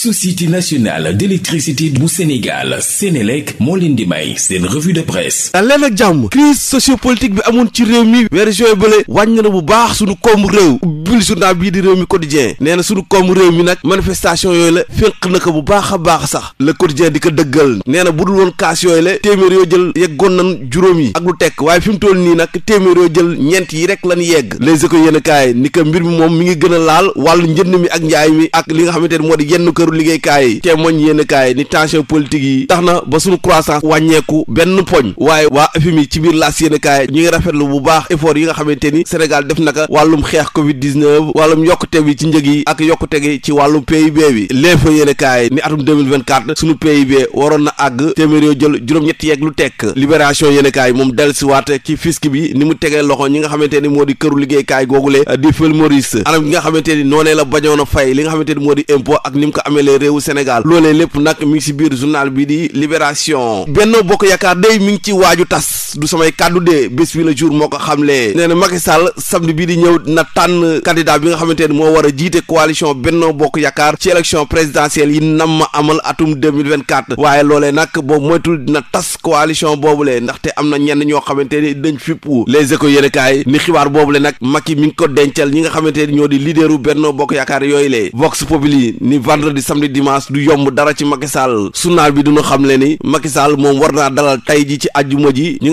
société nationale d'électricité bu Sénégal Sénélec moo leen di may seen revue de presse dal leen ak jàmm crise sociopolitique bi amoon ci réew mi weer juin bële wàññi na bu baax suñu koom réew ubbil journal bii di réew mi quotidien nee na suñu koom réew mi nag manifestation yooyu la fénq na ko bu baax a baax sax le quotidien di ko dëggal nee na bu dul woon kaas yooyu la téeméer yoo jël yeggoon nan juróom yi ak lu tekk waaye fi mu toll nii nag téeméer yoo jël ñeent yi rek lan yegg les éco yéen kaay ni ko mbir mi moom mi ngi gën a laal wàllu njënd mi ak njaay mi ak li nga xamante ne moo di yenn kër rapport liggéeykaay yi témoin yenn kaay ni tension politique yi tax na ba suñu croissance wàññeeku benn poñ waaye waa FMI ci biir laas yenn kaay ñu ngi bu baax effort yi nga xamante ni Sénégal def naka wàllum xeex Covid 19 wàllum yokkute bi ci njëg yi ak yokkute gi ci wàllum PIB bi léefa yenn kaay ni atum 2024 suñu PIB waroon na àgg téeméer yoo jël juróom-ñett yeeg lu tekk libération yenn kaay moom dellusiwaat ci fisc bi ni mu tegee loxo ñi nga xamante ni moo di këru liggéeykaay googule moo jëmale wu Sénégal loolee lépp nag mi ngi si biir journal bi di Libération Benno Bokk Yaakaar day mi ngi ci waaju tas du samay kàddu de bés bi jour moo ko xamle nee na Macky Sall samedi bii di ñëw na tànn candidat bi nga xamante ne moo war a jiite coalition Benno Bokk Yaakaar ci élection présidentielle yi nam ma amal atum 2024 waaye loolee nag boobu moytul dina tas coalition ndax ndaxte am na ñenn ñoo xamante ni dañ fippu les échos yéenekaay ni xibaar boobule nag Macky mi ngi ko dencal ñi nga xamante ni ñoo di leaderu Benno Bokk Yaakaar yooyu le Vox Populi ni vendredi samedi dimanche du yomb dara bi duñu xamle ni Macky Sall moom war naa dalal tey ji ci àjjuma ji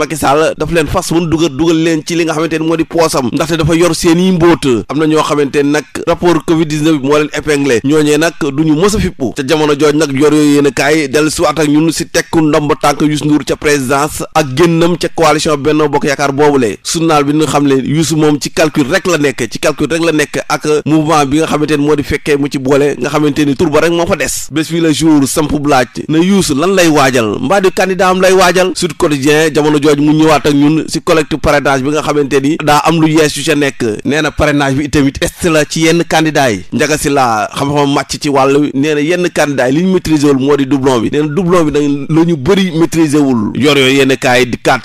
Macky Sall dafa leen fas mun dugal dugal leen ci li nga xamante moo di poosam ndaxte dafa yor seen yi am na ñoo xamante nag rapport covid 19 bi moo leen épinglé ñooñee nag du ñu a fippu ca jamono jooj nag yor yooyu yéen a kaay ak ñun si tekku ndomb tànk Youssou Ndour ca présidence ak génnam ca coalition Benno Bokk Yaakaar boobule surnaal bi nga xam ne Youssou moom ci calcul rek la nekk ci calcul rek la nekk ak mouvement bi nga xamante jooju mu ñëwaat ak ñun si collectif parrainage bi nga xamante ni daa am lu yees yu ca nekk nee na bi itamit est la ci yenn candidat yi njaga si laa xam bi nee la ñu bëri maîtriser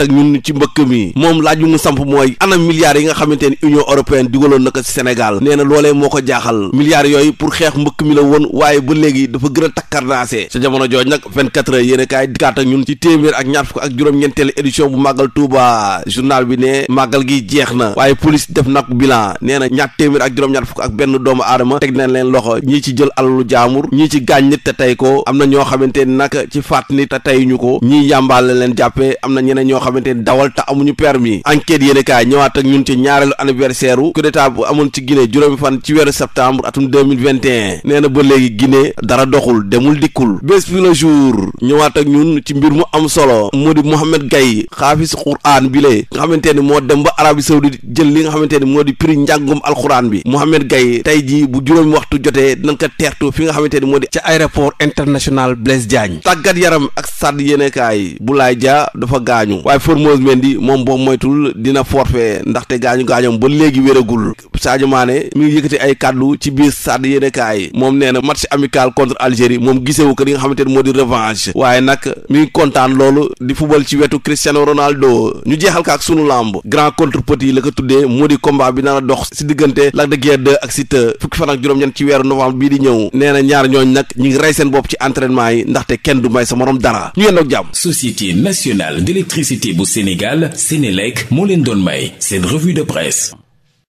ñun ci mbëkk mi moom laaj mu samp mooy anam milliards yi nga xamante ni union européenne dugaloon na ko si Sénégal nee na moo ko jaaxal milliards yooyu pour xeex mbëkk mi la woon waaye ba léegi dafa gën a takkarnaase sa jamono jooj nag vingt kaay di ñun ci téeméer ak ñaar fukk ak juróom-ñeenteelu édition bu màggal Touba journal bi ne màggal gi jeex na waaye police def nag bilan nee na ñaar téeméer ak juróom-ñaar fukk ak benn doomu aadama teg nañ leen loxo ñii ci jël alalu jaamur ñii ci gaañ nit te tey ko am na ñoo xamante ni nag ci faat nit te tey ñu ko ñii yàmbaale leen jàppee am na ñeneen ñoo xamante ni dawal te amuñu permis enquête yéen kaay ñëwaat ak ñun ci ñaareelu anniversaire coup d'état bu amoon ci Guinée juróomi fan ci weeru septembre atum 2021 nee na ba léegi Guinée dara doxul demul dikkul bés bi la jour ñëwaat ak ñun ci mbir mu am solo moo di Mohamed Gaye xaafis quraan bi lee nga xamante moo dem ba Arabie jël li nga xamante ni moo di prix njàngum alxuraan bi Mohamed Gaye tey jii bu juróomi waxtu jotee dinañ ko teertu fi nga xamante ni moo di ca aéroport international Blaise Diagne tàggat yaram ak stade bu Boulaye Dia dafa gaañu waaye Formose Mendy moom boo moytul dina forfait ndaxte gaañu gaañam ba léegi wéragul Sadio Mané mi ngi yëkkati ay kàddu ci biir stade yéenekaay moom nee na match amical contre Algérie moom gisewu ko li nga xamante ni moo di revanche waaye nag mi ngi Ronaldo ñu jeexal ko ak sunu lamb grand contre petit la ko tuddee moo di combat bi naan dox si diggante Lac de Guiers 2 ak Siteu fukki fan juróom-ñeent ci weeru novembre bii di ñëw nee ñaar ñooñ nag ñu ngi rey seen bopp ci entraînement yi ndaxte kenn du may sa morom dara ñu yendoog jàmm. Société nationale d'électricité bu Sénégal Sénélec moo leen doon may seen revue de presse.